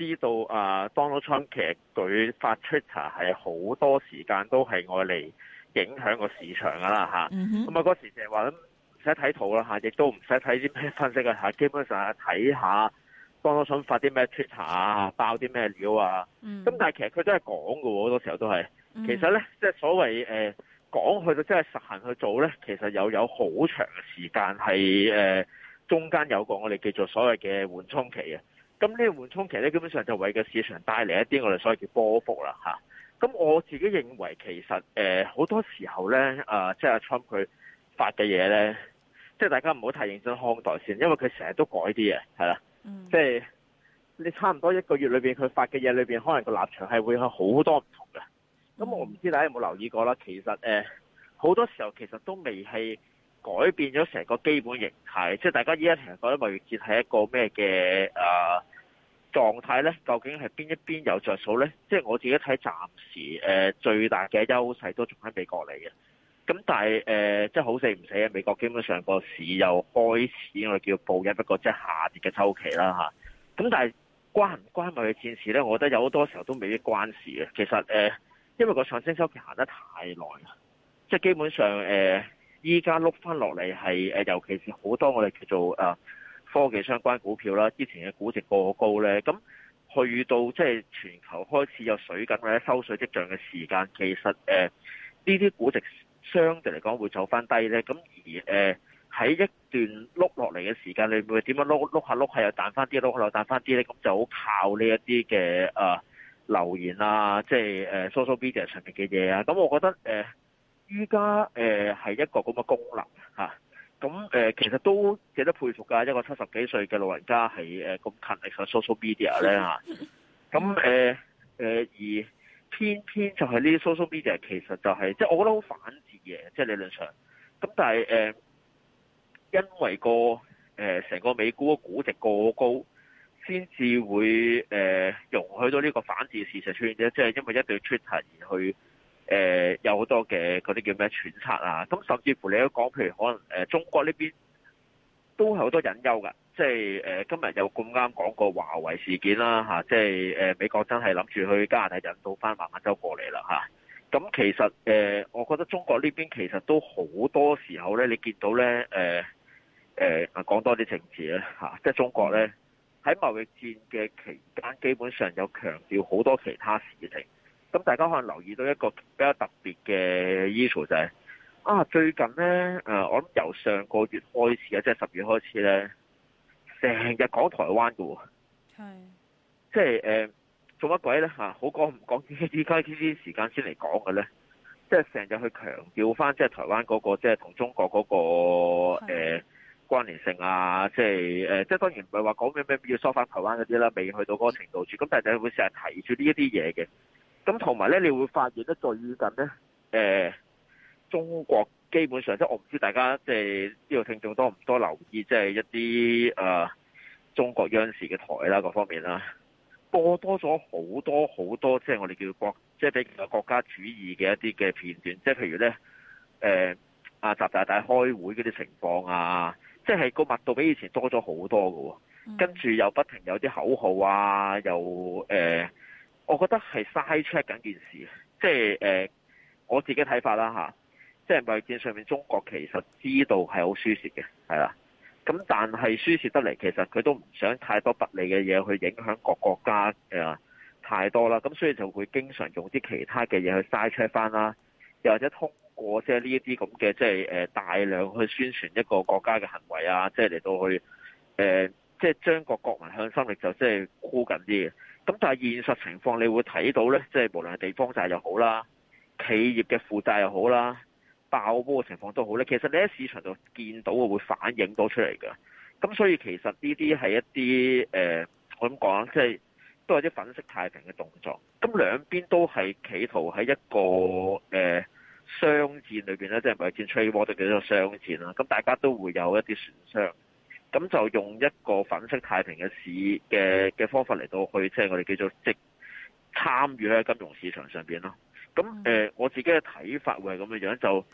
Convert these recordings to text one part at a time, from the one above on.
知道啊，Donald Trump 其實佢發 Twitter 係好多時間都係愛嚟影響個市場噶啦。咁啊嗰時就話唔使睇圖啦，亦都唔使睇啲咩分析啊嚇，基本上係睇下 Donald Trump 發啲咩 Twitter 啊，爆啲咩料啊。咁、mm hmm. 但係其實佢真係講嘅喎，好多時候都係。其實咧、mm hmm. 呃，即係所謂誒講去到真係實行去做咧，其實又有好長時間係誒、呃、中間有個我哋叫做所謂嘅緩衝期嘅。咁呢個緩衝期咧，基本上就為個市場帶嚟一啲我哋所謂叫波幅啦嚇。咁我自己認為其實誒好多時候咧啊，即阿 Trump 佢發嘅嘢咧，即係大家唔好太認真看待先，因為佢成日都改啲嘢，係啦，即係你差唔多一個月裏面，佢發嘅嘢裏面可能個立場係會有好多唔同嘅。咁我唔知大家有冇留意過啦，其實誒好多時候其實都未係。改變咗成個基本形態，即係大家依家其實覺得貿易戰係一個咩嘅啊狀態咧？究竟係邊一邊有著數咧？即係我自己睇，暫時誒、呃、最大嘅優勢都仲喺美國嚟嘅。咁但係誒、呃，即係好死唔死啊！美國基本上個市又開始我哋叫步入一個即係下跌嘅周期啦嚇。咁但係關唔關貿易戰事咧？我覺得有好多時候都未必關事嘅。其實誒、呃，因為個上升周期行得太耐，即係基本上誒。呃依家碌翻落嚟係，尤其是好多我哋叫做科技相關股票啦，之前嘅估值過高咧，咁去到即係全球開始有水緊或者收水跡象嘅時間，其實誒呢啲估值相對嚟講會走翻低咧。咁而誒喺一段碌落嚟嘅時間，你會點樣碌，碌下碌下又彈翻啲，碌下又彈翻啲咧，咁就好靠呢一啲嘅誒留言啊，即係 social media 上面嘅嘢啊。咁我覺得誒。依家誒係一個咁嘅功能咁、啊啊啊、其實都值得佩服㗎，一個七十幾歲嘅老人家係咁勤力上 social media 咧咁誒誒而偏偏就係呢啲 social media 其實就係即係我覺得好反智嘅，即、就、係、是、理論上。咁但係誒、啊、因為個誒成、啊、個美股嘅估值過高，先至會誒、啊、容許到呢個反智事實出現啫，即、就、係、是、因為一對 Twitter 而去。誒、呃，有好多嘅嗰啲叫咩揣測啊，咁甚至乎你都講，譬如可能誒，中國呢邊都係好多隱憂噶即係誒，今日有咁啱講過華為事件啦、啊，吓、啊，即係誒，美國真係諗住去加拿大引渡返孟晚舟過嚟啦，吓、啊，咁其實誒、呃，我覺得中國呢邊其實都好多時候咧，你見到咧，誒、呃、誒，講、呃、多啲政治咧，吓、啊，即、就、係、是、中國咧喺貿易戰嘅期間，基本上有強調好多其他事情。咁大家可能留意到一個比較特別嘅 issue 就係啊，最近咧我諗由上個月開始啊，即係十月開始咧，成日講台灣嘅喎，即係誒做乜鬼咧吓？好講唔講？依家呢啲時間先嚟講嘅咧，即係成日去強調翻，即係台灣嗰個即係同中國嗰個誒是的、呃、關聯性啊，即係即係當然唔係話講咩咩要收翻台灣嗰啲啦，未去到嗰個程度住。咁是的 但係佢會成日提住呢一啲嘢嘅。咁同埋咧，你會發現咧，最近咧，誒，中國基本上即係我唔知大家即係呢度聽眾多唔多留意，即係一啲誒中國央視嘅台啦，各方面啦，播多咗好多好多，即係我哋叫國，即係比較國家主義嘅一啲嘅片段，即係譬如咧，誒，阿習大大開會嗰啲情況啊，即係個密度比以前多咗好多㗎喎，跟住又不停有啲口號啊，又誒、呃。我覺得係嘥 check 緊件事，即係誒我自己睇法啦嚇，即係貿易戰上面中國其實知道係好輸蝕嘅，係啦。咁但係輸蝕得嚟，其實佢都唔想太多不利嘅嘢去影響各國家、呃、太多啦。咁所以就會經常用啲其他嘅嘢去嘥 check 翻啦，又或者通過即係呢一啲咁嘅即係大量去宣傳一個國家嘅行為啊，即係嚟到去即係、呃就是、將個國民向心力就即係箍緊啲嘅。咁但係現實情況，你會睇到咧，即係無論係地方債又好啦，企業嘅負債又好啦，爆煲嘅情況都好咧。其實你喺市場度見到嘅會反映到出嚟嘅。咁所以其實呢啲係一啲誒，我咁講，即係都有啲粉飾太平嘅動作。咁兩邊都係企圖喺一個誒、欸、商戰裏面，咧，即係唔係戰 trading 叫做商戰啦。咁大家都會有一啲損傷。咁就用一個粉飾太平嘅市嘅嘅方法嚟到去，即係我哋叫做即參與喺金融市場上面咯。咁誒，我自己嘅睇法會係咁嘅樣，就誒、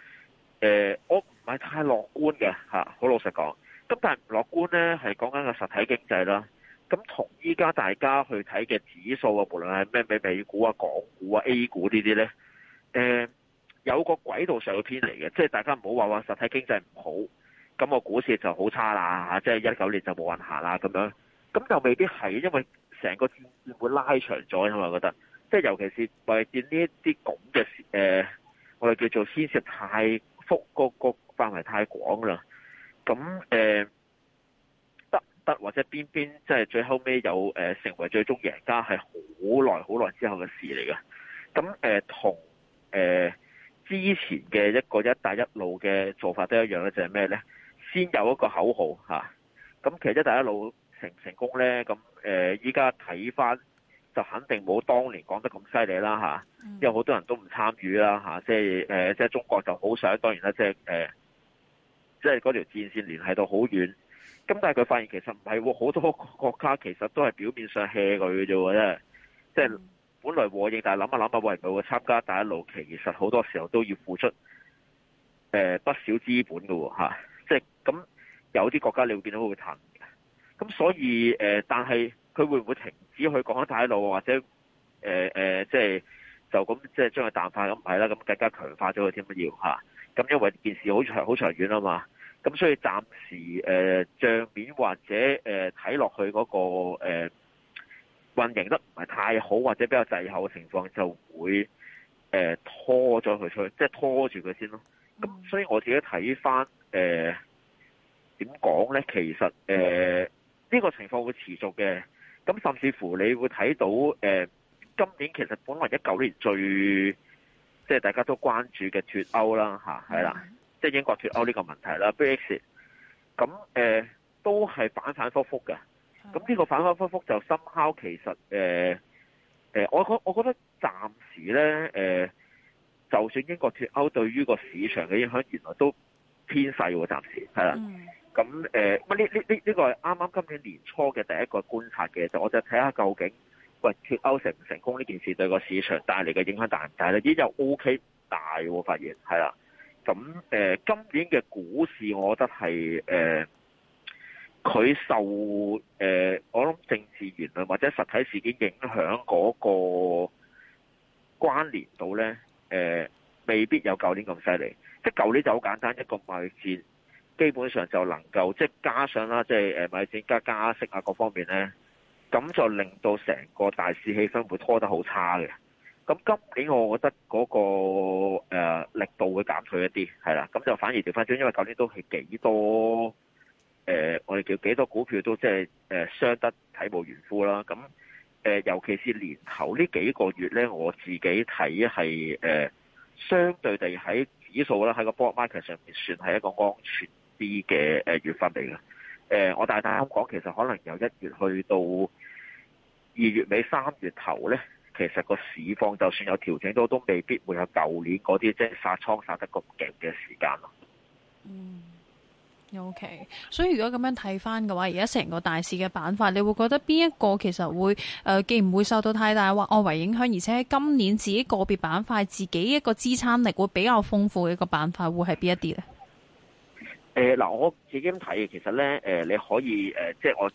呃，我唔係太樂觀嘅嚇，好老實講。咁但係唔樂觀咧，係講緊個實體經濟啦。咁同依家大家去睇嘅指數啊，無論係咩美美股啊、港股啊、A 股呢啲咧，誒有個軌道上嘅偏離嘅，即係大家唔好話話實體經濟唔好。咁我股市就好差啦，即係一九年就冇運行啦咁樣，咁就未必係，因為成個戰線會拉長咗，因為覺得即係、就是、尤其是為見呢一啲咁嘅誒，我哋叫做牽涉太複個、那個範圍太廣啦。咁誒、呃、得得，或者邊邊即係最後尾有成為最終贏家係好耐好耐之後嘅事嚟嘅。咁誒同誒之前嘅一個一帶一路嘅做法都一樣咧，就係咩咧？先有一個口號嚇，咁其實一帶一路成唔成功咧？咁誒，依家睇翻就肯定冇當年講得咁犀利啦嚇，嗯、因為好多人都唔參與啦嚇，即係誒，即係中國就好想當然啦、就是，即係誒，即係嗰條戰線連係到好遠。咁但係佢發現其實唔係喎，好多國家其實都係表面上 hea 佢嘅啫，即係本來和應，但係諗下諗下，佢會唔會參加一帶一路？其實好多時候都要付出誒不少資本嘅喎。咁有啲國家你會見到會騰嘅，咁所以誒，但係佢會唔會停止去講緊帶路，或者誒即係就咁即係將佢淡化，咁唔係啦，咁更加強化咗佢添啊要嚇咁，因為件事好長好長遠啊嘛，咁所以暫時誒帳面或者誒睇落去嗰個誒運營得唔係太好，或者比較滯後嘅情況就會誒拖咗佢出去，即係拖住佢先咯。咁所以我自己睇返誒。點講呢？其實誒，呢、mm. 呃這個情況會持續嘅。咁甚至乎你會睇到誒、呃，今年其實本來一九年最，即係大家都關注嘅脫歐啦，吓係啦，mm. 即係英國脫歐呢個問題啦。Brexit，咁誒都係反反复复嘅。咁呢、mm. 個反反复覆就深敲，其實誒誒、呃呃，我覺我覺得暫時呢，誒、呃，就算英國脫歐對於個市場嘅影響原來都偏細喎，暫時係啦。Mm. 咁誒，唔呢呢呢呢個係啱啱今年年初嘅第一個觀察嘅，就我就睇下究竟喂，脫歐成唔成功呢件事對個市場帶嚟嘅影響大唔大呢？呢啲又 O K 大喎，發現係啦。咁誒、呃，今年嘅股市，我覺得係誒，佢、呃、受誒、呃，我諗政治言論或者實體事件影響嗰個關聯度咧，誒、呃，未必有舊年咁犀利。即係舊年就好簡單，一個貿易戰。基本上就能夠，即係加上啦，即係誒買錢加加息啊，各方面咧，咁就令到成個大市氣氛會拖得好差嘅。咁今年我覺得嗰、那個誒、呃、力度會減退一啲，係啦，咁就反而掉翻轉，因為舊年都係幾多誒、呃、我哋叫幾多股票都即係誒傷得體無完膚啦。咁誒、呃、尤其是年頭呢幾個月咧，我自己睇係誒相對地喺指數啦，喺個 board market 上面算係一個安全啲嘅誒月份嚟嘅，誒、呃、我大膽講，其實可能由一月去到二月尾三月頭呢，其實個市況就算有調整都都未必會有舊年嗰啲即係殺倉殺得咁勁嘅時間咯。嗯，OK，所以如果咁樣睇返嘅話，而家成個大市嘅板塊，你會覺得邊一個其實會誒、呃、既唔會受到太大或外圍影響，而且今年自己個別板塊自己一個支撐力會比較豐富嘅一個板塊，會係邊一啲呢？誒，嗱、呃、我自己咁睇，其實咧，誒、呃，你可以，誒、呃，即係我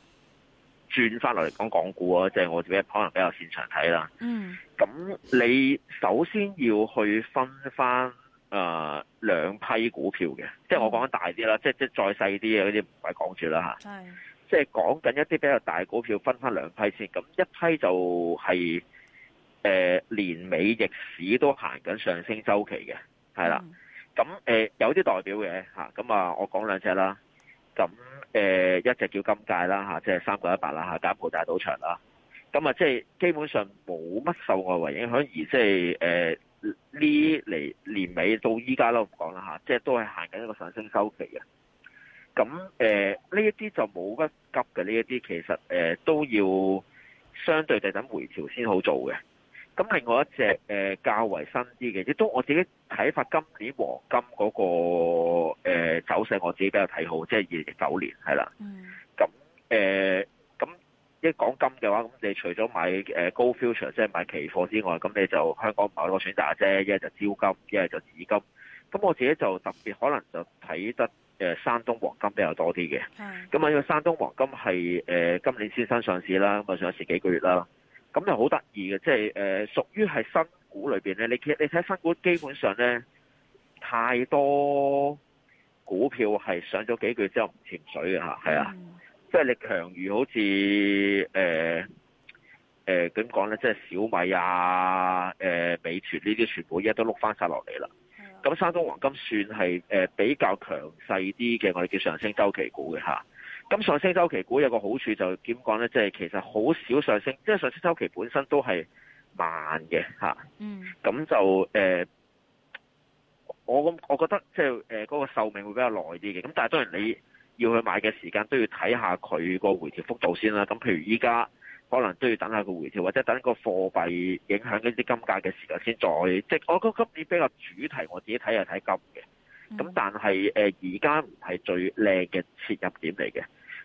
轉翻落嚟講港股啊，即係我自己可能比較擅長睇啦。嗯。咁你首先要去分翻誒兩批股票嘅，即係我講緊大啲啦、嗯，即係是的 即係再細啲嘅嗰啲唔係講住啦吓。係。即係講緊一啲比較大股票，分翻兩批先。咁一批就係誒年尾逆市都行緊上升周期嘅，係啦。嗯咁誒、呃、有啲代表嘅咁啊我講兩隻啦。咁、啊、誒、啊、一隻叫金界啦、啊、即係三九一八啦嚇，柬、啊、埔寨賭場啦。咁啊，啊即係基本上冇乜受外圍影響，而即係誒呢嚟年尾到依家、啊、都唔講啦即係都係行緊一個上升周期嘅。咁誒呢一啲就冇乜急嘅，呢一啲其實、啊、都要相對地等回調先好做嘅。咁另外一隻誒較為新啲嘅，亦都我自己睇法，今年黃金嗰個走勢，我自己比較睇好，即係二零零九年係啦。咁誒咁一講金嘅話，咁你除咗買誒高 future，即係買期貨之外，咁你就香港冇好多選擇啫，一係就招金，一係就紙金。咁我自己就特別可能就睇得山東黃金比較多啲嘅。咁呢個山東黃金係誒、呃、今年先新上市啦，咁啊上有成幾個月啦。咁又好得意嘅，即係誒屬於係新股裏邊咧。你其實你睇新股基本上咧，太多股票係上咗幾句之後唔潛水嘅嚇，係啊的，即係的你強如好似誒誒點講咧，即係小米啊、呃、美團呢啲，全部而家都碌翻曬落嚟啦。咁的山東黃金算係比較強勢啲嘅，我哋叫上升周期股嘅嚇。啊咁上升周期股有個好處就點講咧？即係其實好少上升，即係上升周期本身都係慢嘅咁、嗯、就誒、呃，我咁我覺得即係嗰個壽命會比較耐啲嘅。咁但係當然你要去買嘅時間都要睇下佢個回調幅度先啦。咁譬如依家可能都要等下個回調，或者等個貨幣影響一啲金價嘅時間先再。即係我覺得今年比較主題，我自己睇係睇金嘅。咁但係誒，而家唔係最靚嘅切入點嚟嘅。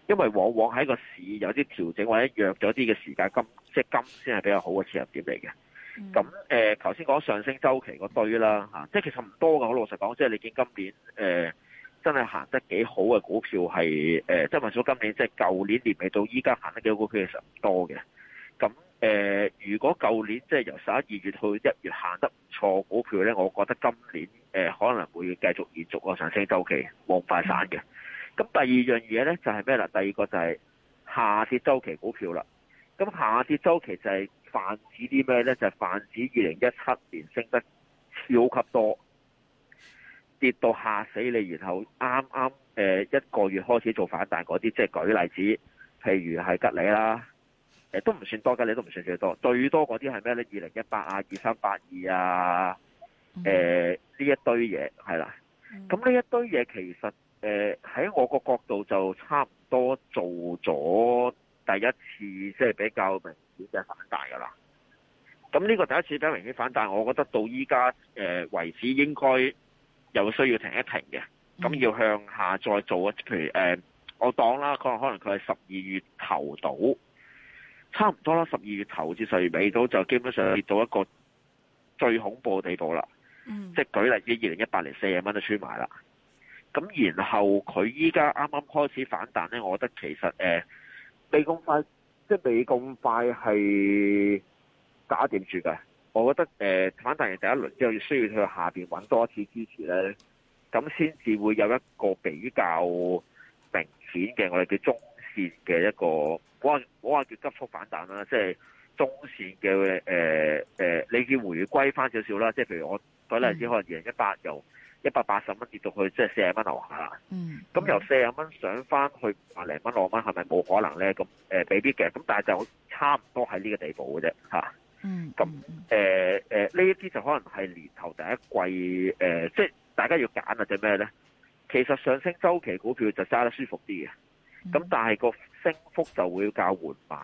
因為往往喺個市有啲調整或者弱咗啲嘅時間金，即、就、係、是、金先係比較好嘅切入點嚟嘅。咁誒、嗯，頭先講上升周期嗰堆啦嚇，即係、嗯、其實唔多㗎。我老實講，即、就、係、是、你見今年誒、呃、真係行得幾好嘅股票係誒，即係話咗今年即係舊年年尾到依家行得幾好的股票其實唔多嘅。咁誒、呃，如果舊年即係、就是、由十一二月去一月行得唔錯股票咧，我覺得今年誒、呃、可能會繼續延續個上升周期，冇快散嘅。嗯嗯咁第二樣嘢咧就係咩啦？第二個就係下跌周期股票啦。咁下跌周期就係泛指啲咩咧？就係、是、泛指二零一七年升得超級多，跌到吓死你，然後啱啱誒一個月開始做反彈嗰啲，即係舉例子，譬如係吉利啦，誒都唔算多，吉利都唔算最多，最多嗰啲係咩咧？二零一八啊，啊、mm，二三八二啊，誒呢一堆嘢係啦。咁、hmm. 呢一堆嘢其實。誒，喺我個角度就差唔多做咗第一次，即係比較明顯嘅反彈噶啦。咁呢個第一次比較明顯反彈，我覺得到依家誒為止應該有需要停一停嘅。咁要向下再做一，譬如誒，我當啦，可能可能佢係十二月頭到，差唔多啦，十二月頭至十二月尾到，就基本上跌到一個最恐怖嘅地步啦。即係舉例於二零一八年四十蚊都穿埋啦。咁然後佢依家啱啱開始反彈咧，我覺得其實誒未咁快，即係未咁快係打掂住㗎。我覺得誒、呃、反彈完第一輪之後，要需要去下邊搵多一次支持咧，咁先至會有一個比較明顯嘅我哋叫中線嘅一個，我話叫急速反彈啦，即係中線嘅誒誒，你要回歸翻少少啦。即係譬如我舉例啲可能二零一八又一百八十蚊跌到去即係四十蚊樓下啦，咁由四十蚊上翻去百零蚊六蚊，係咪冇可能咧？咁誒俾啲嘅，咁但係就差唔多喺呢個地步嘅啫，吓，咁誒呢一啲就可能係年頭第一季誒、呃，即係大家要揀或者咩咧？其實上升周期股票就揸得舒服啲嘅，咁、呃嗯、但係個升幅就會較緩慢。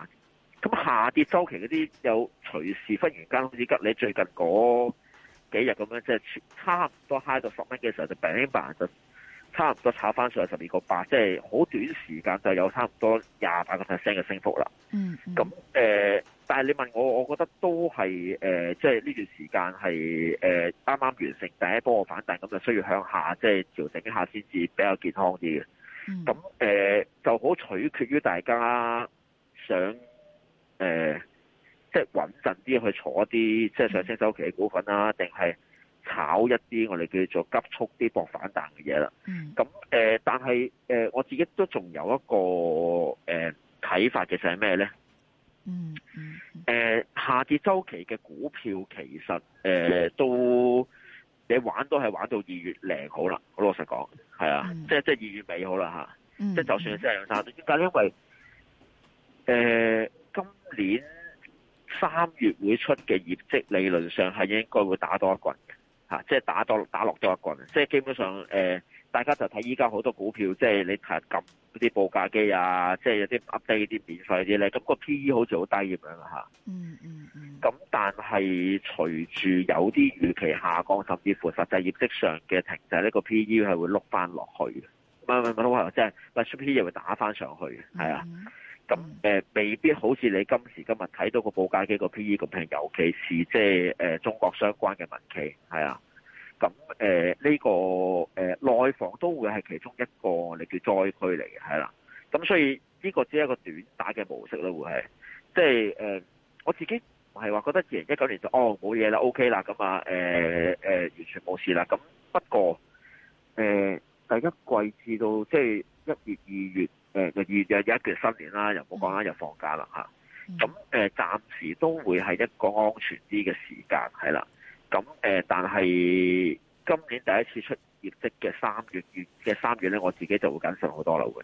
咁下跌周期嗰啲又隨時忽然間好似吉，你最近嗰～一日咁樣，即、就、係、是、差唔多嗨到十蚊嘅時候，就餅板就差唔多炒翻上十二個八，即係好短時間就有差唔多廿八個 percent 嘅升幅啦。嗯、mm，咁、hmm. 誒、呃，但係你問我，我覺得都係誒，即係呢段時間係誒啱啱完成第一波反彈，咁就需要向下即係調整一下先至比較健康啲嘅。咁誒、mm hmm. 呃、就好取決於大家想誒。呃即係穩陣啲去坐啲即係上升周期嘅股份啦，定係炒一啲我哋叫做急速啲搏反彈嘅嘢啦。咁、嗯呃、但係、呃、我自己都仲有一個誒睇、呃、法嘅，就係咩咧？嗯，下跌周期嘅股票其實、呃、都你玩都係玩到二月零好啦。好老實講，係啊，嗯、即係即係二月尾好啦吓。即係就算真係有差，但因為誒、呃、今年。三月會出嘅業績理論上係應該會打多一棍，嚇，即係打多打落多一棍。即係基本上、呃，大家就睇依家好多股票，即係你睇下撳嗰啲報價機啊，即係有啲 update 啲免費啲咧。咁個 P E 好似好低咁樣啦，嗯嗯咁但係隨住有啲預期下降，甚至乎實際業績上嘅停滯 PE 不不不不，呢個 P E 係會碌翻落去嘅。唔係唔係唔係，即係出咗 P E 又會打翻上去嘅，係啊。咁、嗯、未必好似你今時今日睇到個報價機個 P E 咁平，尤其是即係中國相關嘅民企係啊。咁呢、呃呢個、呃、內房都會係其中一個你叫災區嚟嘅係啦。咁所以呢、呢個只係一個短打嘅模式咯，會係即係誒我自己唔係話覺得二零一九年就哦冇嘢啦，OK 啦咁啊誒完全冇事啦。咁不過誒、呃、第一季至到即係一月二月。2月誒個月一月，月，月新年啦，又冇講啦，又放假啦吓。咁誒、嗯啊，暫時都會係一個安全啲嘅時間，係啦。咁、啊、但係今年第一次出業績嘅三月月嘅三月咧，我自己就會謹慎好多啦會。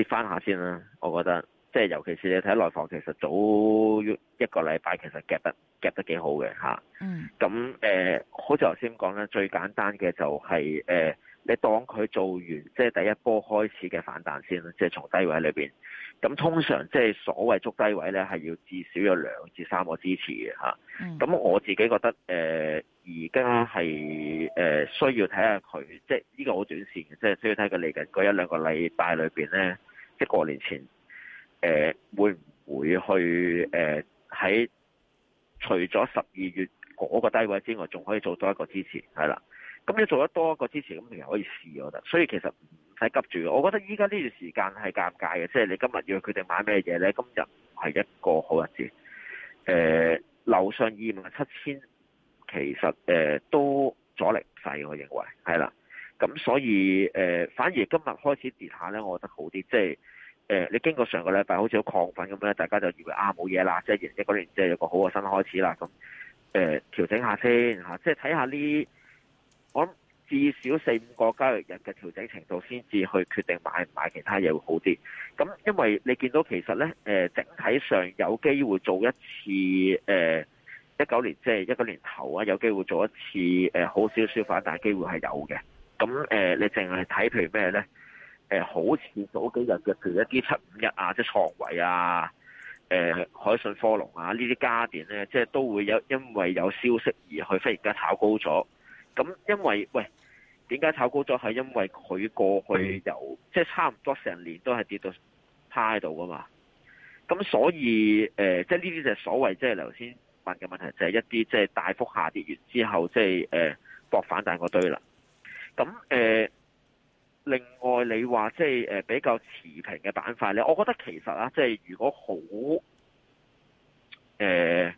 跌翻下先啦，我覺得即係尤其是你睇內房，其實早一個禮拜其實 g 得 g 得幾好嘅嚇。咁誒、mm. 呃，好似頭先講咧，最簡單嘅就係、是、誒、呃，你當佢做完即係第一波開始嘅反彈先啦，即係從低位裏邊。咁通常即係所謂捉低位咧，係要至少有兩至三個支持嘅嚇。咁、啊 mm. 我自己覺得誒，而家係誒需要睇下佢，即係呢個好短線即係需要睇佢嚟緊嗰一兩個禮拜裏邊咧。即係過年前，誒、呃、會唔會去誒喺、呃、除咗十二月嗰個低位之外，仲可以做多一個支持係啦。咁你做得多一個支持，咁仍又可以試我覺得。所以其實唔使急住。我覺得依家呢段時間係尷尬嘅，即、就、係、是、你今日要佢哋買咩嘢咧？今日係一個好日子。誒、呃，樓上二萬七千，其實誒、呃、都阻力細，我認為係啦。咁所以誒，反而今日開始跌下咧，我覺得好啲，即係誒你經過上個禮拜好似好亢奮咁樣，大家就以為啊冇嘢啦，即係、就是、一九年，即係有個好嘅新開始啦。咁誒、呃、調整下先嚇，即係睇下呢，我諗至少四五個交易日嘅調整程度先至去決定買唔買其他嘢會好啲。咁因為你見到其實咧、呃、整體上有機會做一次誒一九年，即係一九年頭啊，有機會做一次誒、呃、好少少反彈，但機會係有嘅。咁誒，你淨係睇，譬如咩咧？誒，好似早幾日嘅，就一啲七五一啊，即係創維啊，誒，啊，海信科龍啊，呢啲家電咧，即係都會有因為有消息而去忽然間炒高咗。咁因為喂，點解炒高咗？係因為佢過去有，即係是的 差唔多成年都係跌到趴喺度噶嘛。咁所以誒，即係呢啲就係所謂即係頭先問嘅問題，就係一啲即係大幅下跌完之後，即係誒博反彈嗰堆啦。咁誒、呃，另外你話即係比較持平嘅板塊咧，我覺得其實啊，即、就、係、是、如果好誒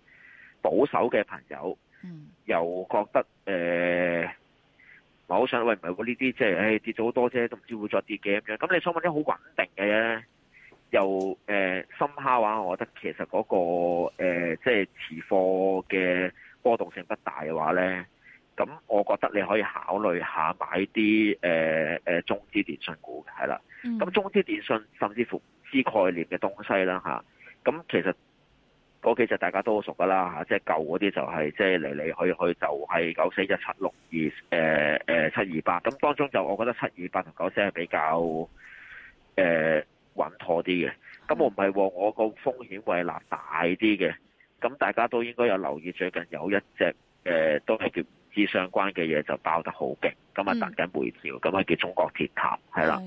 保守嘅朋友，又覺得誒、呃，我好想喂唔係喎，呢啲即係跌咗好多啫，都唔知會再跌嘅咁樣。咁你想搵啲好穩定嘅咧，又誒深拋嘅話，呃、我覺得其實嗰、那個即係、呃就是、持貨嘅波動性不大嘅話咧。咁，我覺得你可以考慮下買啲誒、呃、中資電信股嘅，係啦。咁、mm. 中資電信甚至乎啲概念嘅東西啦，咁、啊、其實嗰幾隻就大家都好熟噶啦，即係舊嗰啲就係，即係嚟嚟去去就係九四一七六二、誒誒七二八，咁，呃呃、七二八，當中就我覺得七二八同九四係比較誒、呃、穩妥啲嘅。咁我唔係喎，我個風險位立大啲嘅。咁大家都應該有留意最近有一隻誒、呃，都係叫。之相關嘅嘢就爆得好勁，咁啊等緊回調，咁啊、嗯、叫中國鐵塔，係啦。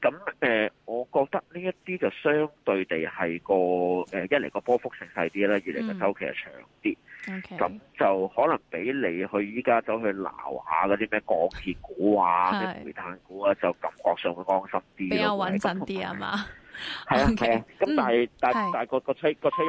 咁誒的、呃，我覺得呢一啲就相對地係個誒、呃、一嚟個波幅性細啲啦，二嚟個周期係長啲，咁、嗯 okay，就可能畀你去依家走去撈下嗰啲咩鋼鐵股啊、咩煤炭股啊，就感覺上會安心啲，比較穩陣啲係嘛？係啊係啊，咁 Okay, 但係但但係、那個、那個趨、那個趨